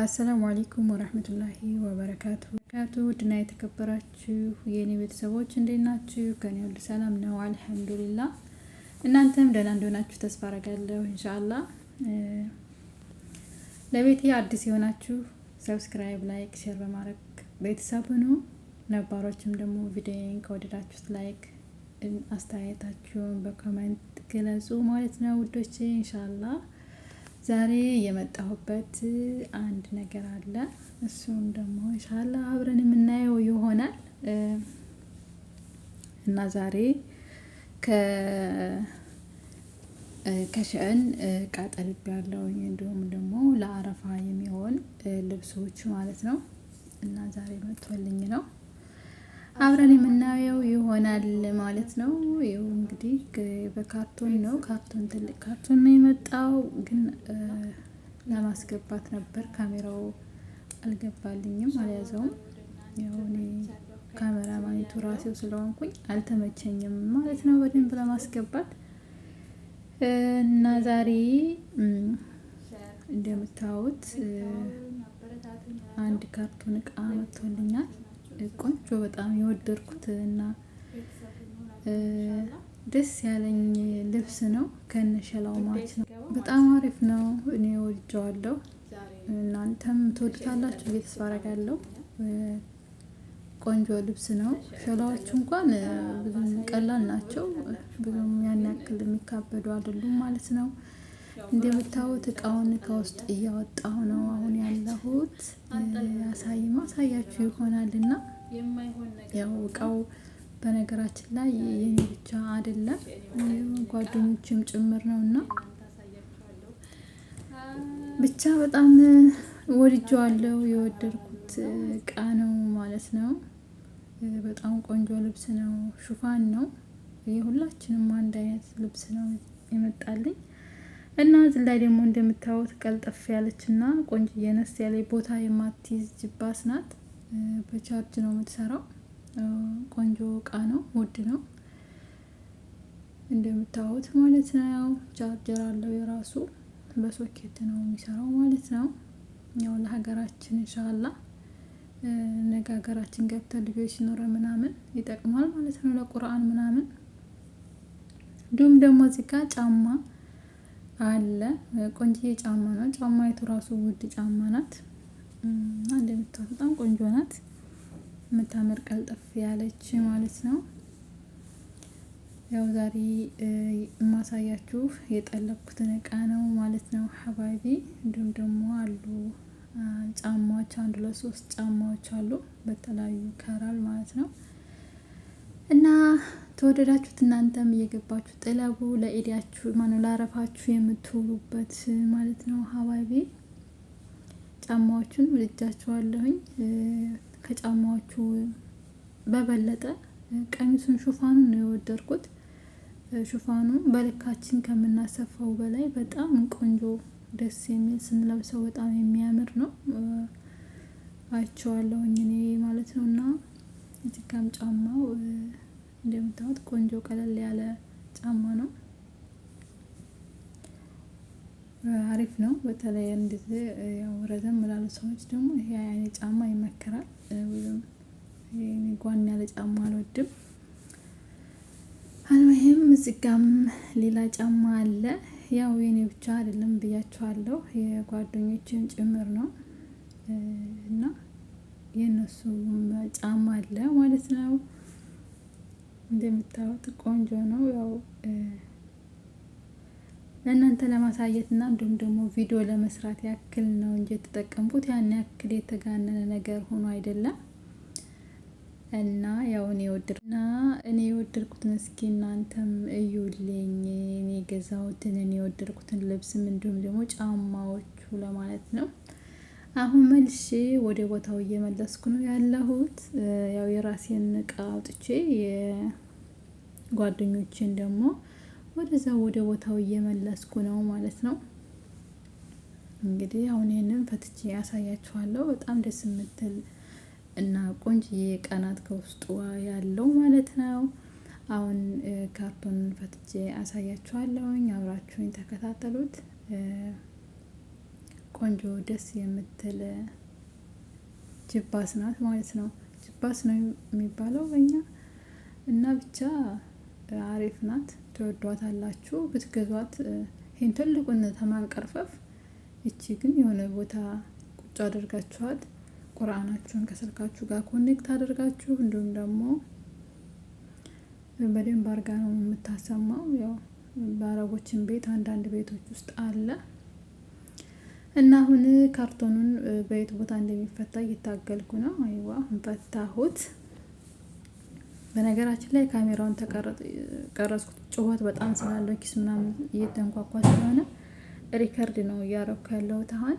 አሰላሙ አሌይኩም ወረህመቱላሂ ወበረካቱ በረካቱ ድና የተከበራችሁ የእኔ ቤተሰቦች እንዴት ናችሁ? ከኔ ሁሉ ሰላም ነው አልሐምዱሊላ። እናንተም ደህና እንደሆናችሁ ተስፋ አረጋለሁ እንሻላ። ለቤት አዲስ የሆናችሁ ሰብስክራይብ፣ ላይክ፣ ሼር በማድረግ ቤተሰብ ሁኑ። ነባሮችም ደግሞ ቪዲዮን ከወደዳችሁት ላይክ፣ አስተያየታችሁን በኮመንት ግለጹ ማለት ነው ውዶቼ እንሻላ ዛሬ የመጣሁበት አንድ ነገር አለ። እሱም ደግሞ ኢንሻላ አብረን የምናየው ይሆናል እና ዛሬ ከሸእን ቃጠልብ ያለው እንዲሁም ደግሞ ለአረፋ የሚሆን ልብሶች ማለት ነው እና ዛሬ መጥቶልኝ ነው አብረን የምናየው ይሆናል ማለት ነው። ይኸው እንግዲህ በካርቶን ነው፣ ካርቶን ትልቅ ካርቶን ነው የመጣው፣ ግን ለማስገባት ነበር ካሜራው አልገባልኝም፣ አልያዘውም። ያው እኔ ካሜራ ማኔቱ ራሴው ስለሆንኩኝ አልተመቸኝም ማለት ነው በደንብ ለማስገባት እና ዛሬ እንደምታዩት አንድ ካርቶን እቃ መጥቶልኛል። ቆንጆ በጣም የወደድኩት እና ደስ ያለኝ ልብስ ነው። ከነሸላው ማለት ነው። በጣም አሪፍ ነው። እኔ ወድጀዋለሁ። እናንተም ትወድታላችሁ ብዬ ተስፋ አደርጋለሁ። ቆንጆ ልብስ ነው። ሸላዎቹ እንኳን ብዙም ቀላል ናቸው። ብዙም ያን ያክል የሚካበዱ አይደሉም ማለት ነው። እንደምታዩት እቃውን ከውስጥ እያወጣሁ ነው አሁን ያለሁት። ያሳይ ማሳያችሁ ይሆናል እና ያው እቃው በነገራችን ላይ የኔ ብቻ አይደለም ጓደኞችም ጭምር ነው እና ብቻ በጣም ወድጀዋለሁ። የወደድኩት እቃ ነው ማለት ነው። በጣም ቆንጆ ልብስ ነው፣ ሹፋን ነው። የሁላችንም አንድ አይነት ልብስ ነው የመጣልኝ። እና እዚህ ላይ ደግሞ እንደምታዩት ቀልጠፍ ያለች እና ቆንጅዬ ነስ ያለ ቦታ የማትይዝ ጅባስ ናት። በቻርጅ ነው የምትሰራው። ቆንጆ እቃ ነው፣ ውድ ነው እንደምታዩት ማለት ነው። ቻርጀር አለው የራሱ በሶኬት ነው የሚሰራው ማለት ነው። ያው ለሀገራችን እንሻላ ነገ ሀገራችን ገብተን ልጆች ሲኖረ ምናምን ይጠቅማል ማለት ነው፣ ለቁርአን ምናምን። እንዲሁም ደግሞ እዚህ ጋር ጫማ አለ። ቆንጅዬ ጫማ ነው። ጫማይቱ ራሱ ውድ ጫማ ናት። እንደምታዩት በጣም ቆንጆ ናት። የምታምር ቀልጠፍ ያለች ማለት ነው። ያው ዛሬ የማሳያችሁ የጠለብኩትን እቃ ነው ማለት ነው ሀባቢ። እንዲሁም ደግሞ አሉ ጫማዎች አንድ ለሶስት ጫማዎች አሉ በተለያዩ ከራል ማለት ነው እና ተወደዳችሁት እናንተም እየገባችሁ ጥለቡ። ለኢዲያችሁ ማነው ላረፋችሁ የምትውሉበት ማለት ነው። ሀባቢ ጫማዎቹን ልጃችኋለሁኝ። ከጫማዎቹ በበለጠ ቀሚሱን ሹፋኑን ነው የወደድኩት። ሹፋኑ በልካችን ከምናሰፋው በላይ በጣም ቆንጆ ደስ የሚል ስንለብሰው በጣም የሚያምር ነው። አይቼዋለሁኝ እኔ ማለት ነው እና ጋም ጫማው እንደምታዩት ቆንጆ ቀለል ያለ ጫማ ነው። አሪፍ ነው። በተለይ እንደዚህ ያው ረዘም ላሉ ሰዎች ደግሞ ይሄ አይነት ጫማ ይመከራል። ብዙም ጓን ያለ ጫማ አልወድም። አልመሄም እዚጋም ሌላ ጫማ አለ። ያው የኔ ብቻ አይደለም ብያቸዋለሁ፣ የጓደኞችን ጭምር ነው እና የእነሱም ጫማ አለ ማለት ነው። እንደምታዩት ቆንጆ ነው። ያው ለእናንተ ለማሳየት እና እንዲሁም ደግሞ ቪዲዮ ለመስራት ያክል ነው እንጂ የተጠቀምኩት ያን ያክል የተጋነነ ነገር ሆኖ አይደለም። እና ያው እኔ ወድር እና እኔ የወደድኩትን እስኪ እናንተም እዩልኝ። እኔ የገዛሁትን እኔ የወደድኩትን ልብስም እንዲሁም ደግሞ ጫማዎቹ ለማለት ነው። አሁን መልሼ ወደ ቦታው እየመለስኩ ነው ያለሁት። ያው የራሴን እቃ አውጥቼ የጓደኞችን ደግሞ ወደዛ ወደ ቦታው እየመለስኩ ነው ማለት ነው። እንግዲህ አሁን ይህንን ፈትቼ ያሳያችኋለሁ። በጣም ደስ የምትል እና ቆንጅዬ ቀናት ከውስጡ ያለው ማለት ነው። አሁን ካርቶን ፈትቼ አሳያችኋለሁኝ። አብራችሁኝ ተከታተሉት። ቆንጆ ደስ የምትል ጅባስ ናት ማለት ነው። ጅባስ ነው የሚባለው በኛ እና ብቻ አሪፍ ናት። ትወዷት አላችሁ ብትገዟት። ይህን ትልቁን ተማንቀርፈፍ እቺ ግን የሆነ ቦታ ቁጭ አድርጋችኋት ቁርአናችሁን ከስልካችሁ ጋር ኮኔክት አድርጋችሁ እንዲሁም ደግሞ በደንብ አርጋ ነው የምታሰማው። ያው በአረቦችን ቤት አንዳንድ ቤቶች ውስጥ አለ እና አሁን ካርቶኑን በየት ቦታ እንደሚፈታ እየታገልኩ ነው። አይዋ ፈታሁት። በነገራችን ላይ ካሜራውን ቀረጽኩት። ጩኸት በጣም ስላለው ኪስ ምናምን እየተንኳኳ ስለሆነ ሪከርድ ነው እያረኩ ያለሁት አሁን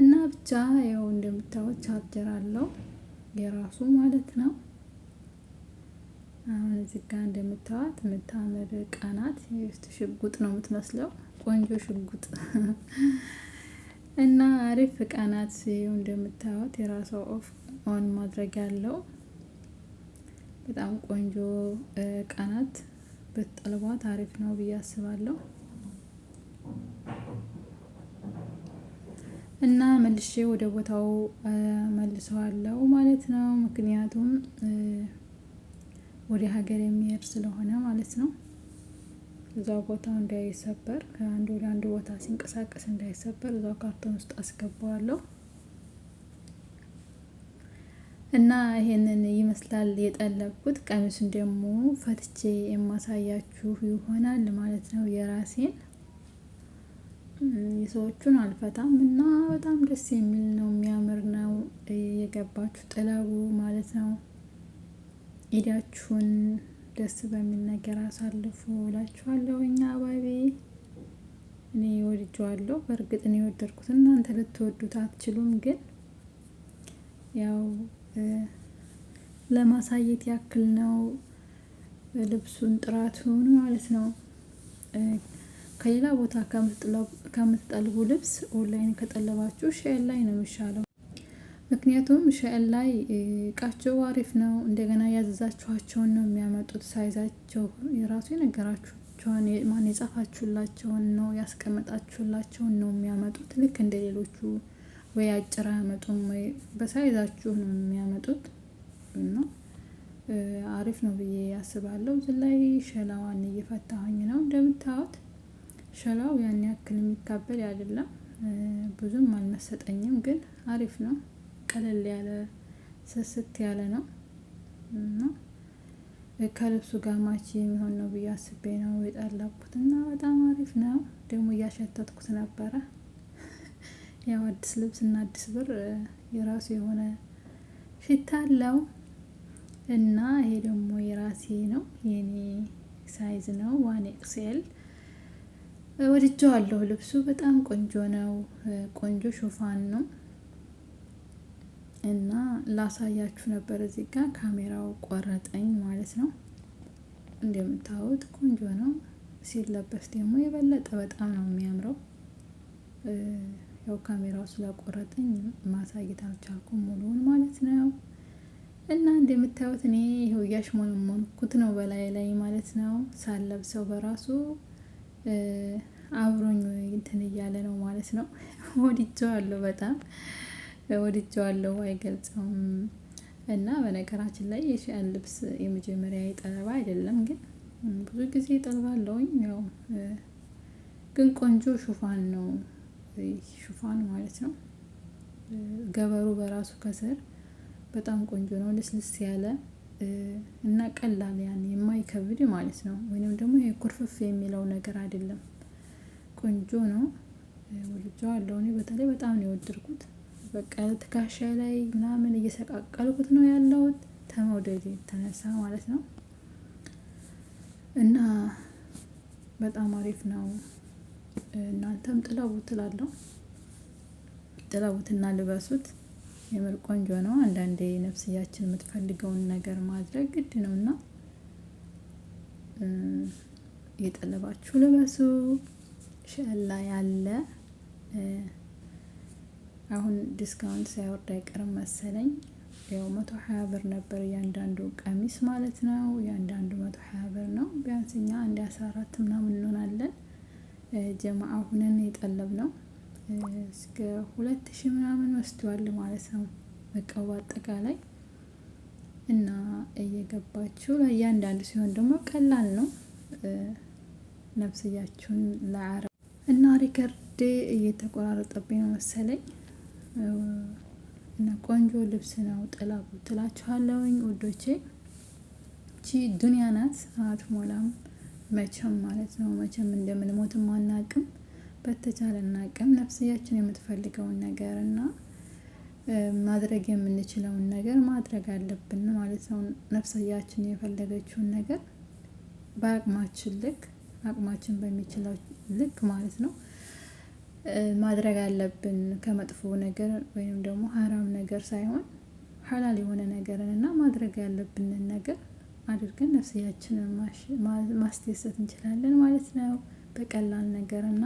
እና ብቻ ያው እንደምታዩት ቻርጀር አለው የራሱ ማለት ነው። አሁን እዚህ ጋር እንደምታዩት የምታምር ቃናት ሽጉጥ ነው የምትመስለው። ቆንጆ ሽጉጥ እና አሪፍ እቃ ሲዩ እንደምታዩት የራሷ ኦፍ ኦን ማድረግ ያለው በጣም ቆንጆ እቃ ናት። ብትጠልቧት አሪፍ ነው ብዬ አስባለሁ። እና መልሼ ወደ ቦታው መልሰዋለው ማለት ነው። ምክንያቱም ወደ ሀገር የሚሄድ ስለሆነ ማለት ነው። እዛው ቦታው እንዳይሰበር ከአንድ ወደ አንድ ቦታ ሲንቀሳቀስ እንዳይሰበር እዛው ካርቶን ውስጥ አስገባዋለሁ እና ይሄንን ይመስላል የጠለብኩት። ቀሚሱን ደግሞ ፈትቼ የማሳያችሁ ይሆናል ማለት ነው። የራሴን የሰዎቹን አልፈታም እና በጣም ደስ የሚል ነው፣ የሚያምር ነው። የገባችሁ ጥለቡ ማለት ነው ኢዳችሁን ደስ በሚል ነገር አሳልፉ እላችኋለሁ። እኛ አባቢ እኔ ወድጄዋለሁ። በእርግጥ እኔ የወደድኩት፣ እናንተ ልትወዱት አትችሉም። ግን ያው ለማሳየት ያክል ነው ልብሱን ጥራቱን ማለት ነው። ከሌላ ቦታ ከምትጠልቡ ልብስ ኦንላይን ከጠለባችሁ ሼል ላይ ነው የሚሻለው። ምክንያቱም ሸል ላይ እቃቸው አሪፍ ነው። እንደገና ያዘዛችኋቸውን ነው የሚያመጡት። ሳይዛቸው የራሱ የነገራችኋቸውን ማን የጻፋችሁላቸውን ነው ያስቀመጣችሁላቸውን ነው የሚያመጡት። ልክ እንደ ሌሎቹ ወይ አጭር አያመጡም፣ ወይ በሳይዛችሁ ነው የሚያመጡት እና አሪፍ ነው ብዬ ያስባለሁ። እዚህ ላይ ሸላዋን እየፈታሁኝ ነው። እንደምታዩት ሸላው ያን ያክል የሚካበል አይደለም ብዙም አልመሰጠኝም፣ ግን አሪፍ ነው። ቀለል ያለ ስስት ያለ ነው እና ከልብሱ ጋር ማች የሚሆን ነው ብዬ አስቤ ነው የጠላኩት እና በጣም አሪፍ ነው። ደግሞ እያሸተትኩት ነበረ። ያው አዲስ ልብስ እና አዲስ ብር የራሱ የሆነ ሽታ አለው እና ይሄ ደግሞ የራሴ ነው የኔ ሳይዝ ነው ዋን ኤክስኤል ወድጀዋለሁ። ልብሱ በጣም ቆንጆ ነው። ቆንጆ ሹፋን ነው። እና ላሳያችሁ ነበር። እዚህ ጋር ካሜራው ቆረጠኝ ማለት ነው። እንደምታዩት ቆንጆ ነው። ሲለበስ ደግሞ የበለጠ በጣም ነው የሚያምረው። ያው ካሜራው ስለቆረጠኝ ማሳየት አልቻልኩም ሙሉውን ማለት ነው። እና እንደምታዩት እኔ ይኸው እያሽሞነሞንኩት ነው በላይ ላይ ማለት ነው። ሳለብሰው በራሱ አብሮኝ እንትን እያለ ነው ማለት ነው። ወድጄዋለሁ በጣም ወድጄዋለሁ አይገልጸውም። እና በነገራችን ላይ የሺያን ልብስ የመጀመሪያ ጠለባ አይደለም ግን ብዙ ጊዜ እጠልባለሁኝ ያው ግን ቆንጆ ሹፋን ነው። ሹፋን ማለት ነው። ገበሩ በራሱ ከስር በጣም ቆንጆ ነው ልስልስ ያለ እና ቀላል ያን የማይከብድ ማለት ነው። ወይንም ደግሞ ይሄ ኩርፍፍ የሚለው ነገር አይደለም። ቆንጆ ነው። ወድጄዋለሁ እኔ በተለይ በጣም ነው የወደድኩት በቃ ትከሻ ላይ ምናምን እየሰቃቀልኩት ነው ያለሁት ተመውደድ የተነሳ ማለት ነው። እና በጣም አሪፍ ነው። እናንተም ጥለቡት እላለሁ። ጥለቡትና ልበሱት። የምር ቆንጆ ነው። አንዳንዴ ነፍስያችን የምትፈልገውን ነገር ማድረግ ግድ ነው እና የጠለባችሁ ልበሱ። ሸላ ያለ አሁን ዲስካውንት ሳይወርድ አይቀርም መሰለኝ። ያው መቶ ሀያ ብር ነበር እያንዳንዱ ቀሚስ ማለት ነው። እያንዳንዱ መቶ ሀያ ብር ነው። ቢያንስ እኛ አንድ አስራ አራት ምናምን እንሆናለን ጀማአ ሁነን የጠለብ ነው እስከ ሁለት ሺህ ምናምን ወስዷል ማለት ነው። በቃ አጠቃላይ እና እየገባችሁ ለእያንዳንዱ ሲሆን ደግሞ ቀላል ነው። ነፍስያችሁን ለአረብ እና ሪከርዴ እየተቆራረጠብኝ ነው መሰለኝ። እና ቆንጆ ልብስ ነው ጥላ ትላችኋለሁኝ ውዶቼ። ቺ ዱንያ ናት አትሞላም መቼም ማለት ነው። መቼም እንደምንሞትም አናቅም። በተቻለን አቅም ነፍስያችን የምትፈልገውን ነገር እና ማድረግ የምንችለውን ነገር ማድረግ አለብን ማለት ነው። ነፍስያችን የፈለገችውን ነገር በአቅማችን ልክ አቅማችን በሚችለው ልክ ማለት ነው ማድረግ አለብን ከመጥፎ ነገር ወይም ደግሞ ሀራም ነገር ሳይሆን ሀላል የሆነ ነገርን እና ማድረግ ያለብንን ነገር አድርገን ነፍስያችንን ማስደሰት እንችላለን ማለት ነው። በቀላል ነገር እና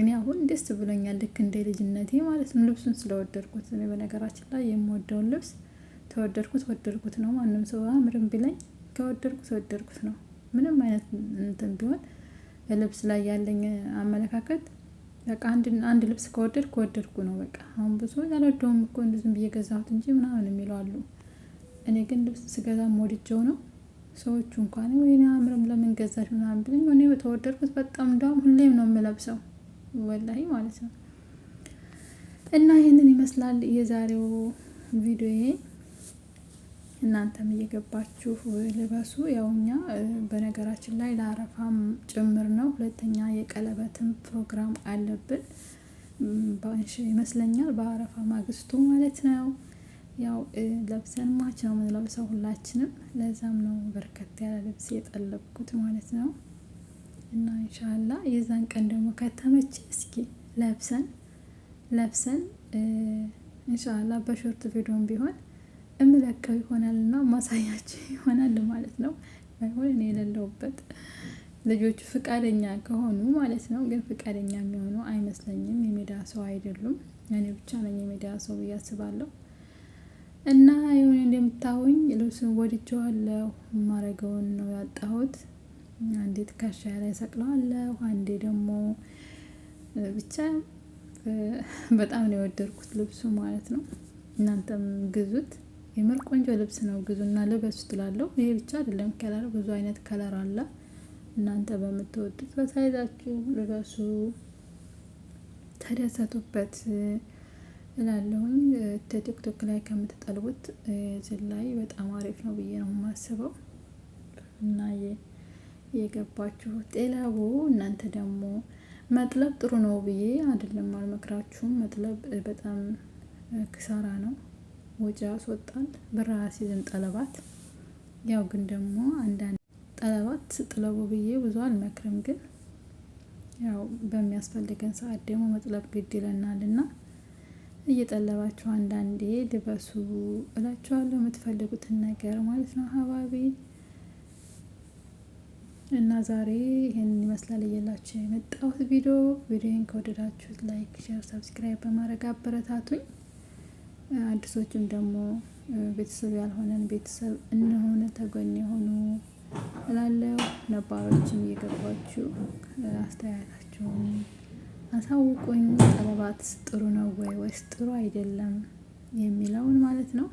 እኔ አሁን ደስ ብሎኛል ልክ እንደ ልጅነቴ ማለት ነው። ልብሱን ስለወደድኩት እኔ በነገራችን ላይ የምወደውን ልብስ ተወደድኩት ወደድኩት ነው። ማንም ሰው አምርም ቢለኝ ከወደድኩት ወደድኩት ነው። ምንም አይነት እንትን ቢሆን ልብስ ላይ ያለኝ አመለካከት በቃ አንድ ልብስ ከወደድ ከወደድኩ ነው በቃ። አሁን ብዙ ያልወደውም እኮ ዝም ብዬ ገዛሁት እንጂ ምናምን የሚለው አሉ። እኔ ግን ልብስ ስገዛም ወድጀው ነው። ሰዎቹ እንኳን ወይኔ አምርም ለምን ገዛሽ ምናምን ብለኝ እኔ ተወደድኩት በጣም እንዳውም ሁሌም ነው የምለብሰው ወላሂ ማለት ነው። እና ይህንን ይመስላል የዛሬው ቪዲዮ። እናንተም እየገባችሁ ልበሱ። ያው እኛ በነገራችን ላይ ለአረፋም ጭምር ነው። ሁለተኛ የቀለበትም ፕሮግራም አለብን ይመስለኛል፣ በአረፋ ማግስቱ ማለት ነው። ያው ለብሰን ማች ነው የምንለብሰው ሁላችንም። ለዛም ነው በርከት ያለ ልብስ የጠለብኩት ማለት ነው። እና እንሻላ የዛን ቀን ደግሞ ከተመች እስኪ ለብሰን ለብሰን እንሻላ በሾርት ቪዲዮን ቢሆን እምለካው ይሆናል እና ማሳያቸው ይሆናል ማለት ነው። ባይሆን እኔ የሌለውበት ልጆቹ ፍቃደኛ ከሆኑ ማለት ነው። ግን ፍቃደኛ የሚሆኑ አይመስለኝም። የሜዳ ሰው አይደሉም። እኔ ብቻ ነኝ የሜዳ ሰው ብዬ አስባለሁ። እና የሆነ እንደምታዩኝ ልብሱን ወድጀዋለሁ። ማረገውን ነው ያጣሁት። አንዴ ትከሻ ላይ ሰቅለዋለሁ፣ አንዴ ደግሞ ብቻ በጣም ነው የወደድኩት ልብሱ ማለት ነው። እናንተም ግዙት። የምር ቆንጆ ልብስ ነው። ግዙና ልበሱ ትላለሁ። ይሄ ብቻ አይደለም ከለር፣ ብዙ አይነት ከለር አለ። እናንተ በምትወዱት በሳይዛችሁ ልበሱ፣ ተደሰቱበት እላለሁኝ። ቲክቶክ ላይ ከምትጠልቡት እዚህ ላይ በጣም አሪፍ ነው ብዬ ነው የማስበው እና የገባችሁ ጤላቦ እናንተ ደግሞ መጥለብ ጥሩ ነው ብዬ አይደለም አልመክራችሁም። መጥለብ በጣም ክሳራ ነው። ወጪ አስወጣን። ብር ዘን ጠለባት ያው ግን ደግሞ አንዳንድ ጠለባት ስጥለቡ ብዬ ብዙ አልመክርም። ግን ያው በሚያስፈልገን ሰዓት ደግሞ መጥለብ ግድ ይለናል እና እየጠለባችሁ አንዳንዴ ልበሱ እላችኋለሁ። የምትፈልጉትን ነገር ማለት ነው ሀባቢ እና ዛሬ ይህንን ይመስላል እየላችሁ የመጣሁት ቪዲዮ። ቪዲዮን ከወደዳችሁት ላይክ፣ ሼር፣ ሰብስክራይብ በማድረግ አበረታቱኝ። አዲሶችም ደግሞ ቤተሰብ ያልሆነን ቤተሰብ እንሆነ ተጎን የሆኑ እላለሁ። ነባሮችም እየገባችሁ አስተያየታችሁን አሳውቁኝ። ጠለባት ጥሩ ነው ወይ ወይስ ጥሩ አይደለም የሚለውን ማለት ነው።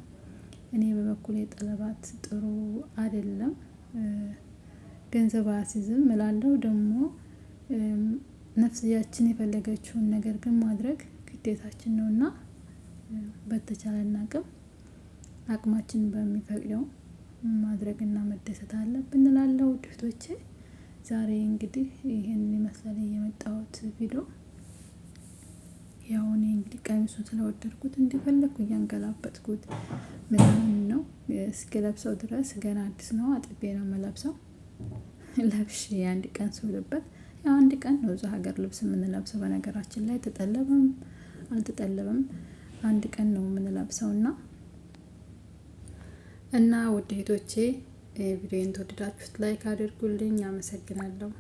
እኔ በበኩሌ ጠለባት ጥሩ አይደለም፣ ገንዘብ አያስይዝም እላለሁ። ደግሞ ነፍስያችን የፈለገችውን ነገር ግን ማድረግ ግዴታችን ነውና በተቻለን አቅም አቅማችን በሚፈቅደው ማድረግና መደሰት አለብን እላለሁ። ውድ ዛሬ እንግዲህ ይህን ይመስላል የመጣሁት ቪዲዮ። ያው እኔ እንግዲህ ቀሚሱ ስለወደድኩት እንደፈለግኩ እያንገላበጥኩት ምናምን ነው እስክለብሰው ድረስ ገና አዲስ ነው፣ አጥቤ ነው መለብሰው። ለብሽ አንድ ቀን ስውልበት ያው አንድ ቀን ነው ሀገር ልብስ የምንለብሰው። በነገራችን ላይ ተጠለበም አልተጠለበም አንድ ቀን ነው የምንለብሰው እና እና ውድ እህቶቼ ቪዲዮን ተወደዳችሁት ላይክ አድርጉልኝ። አመሰግናለሁ።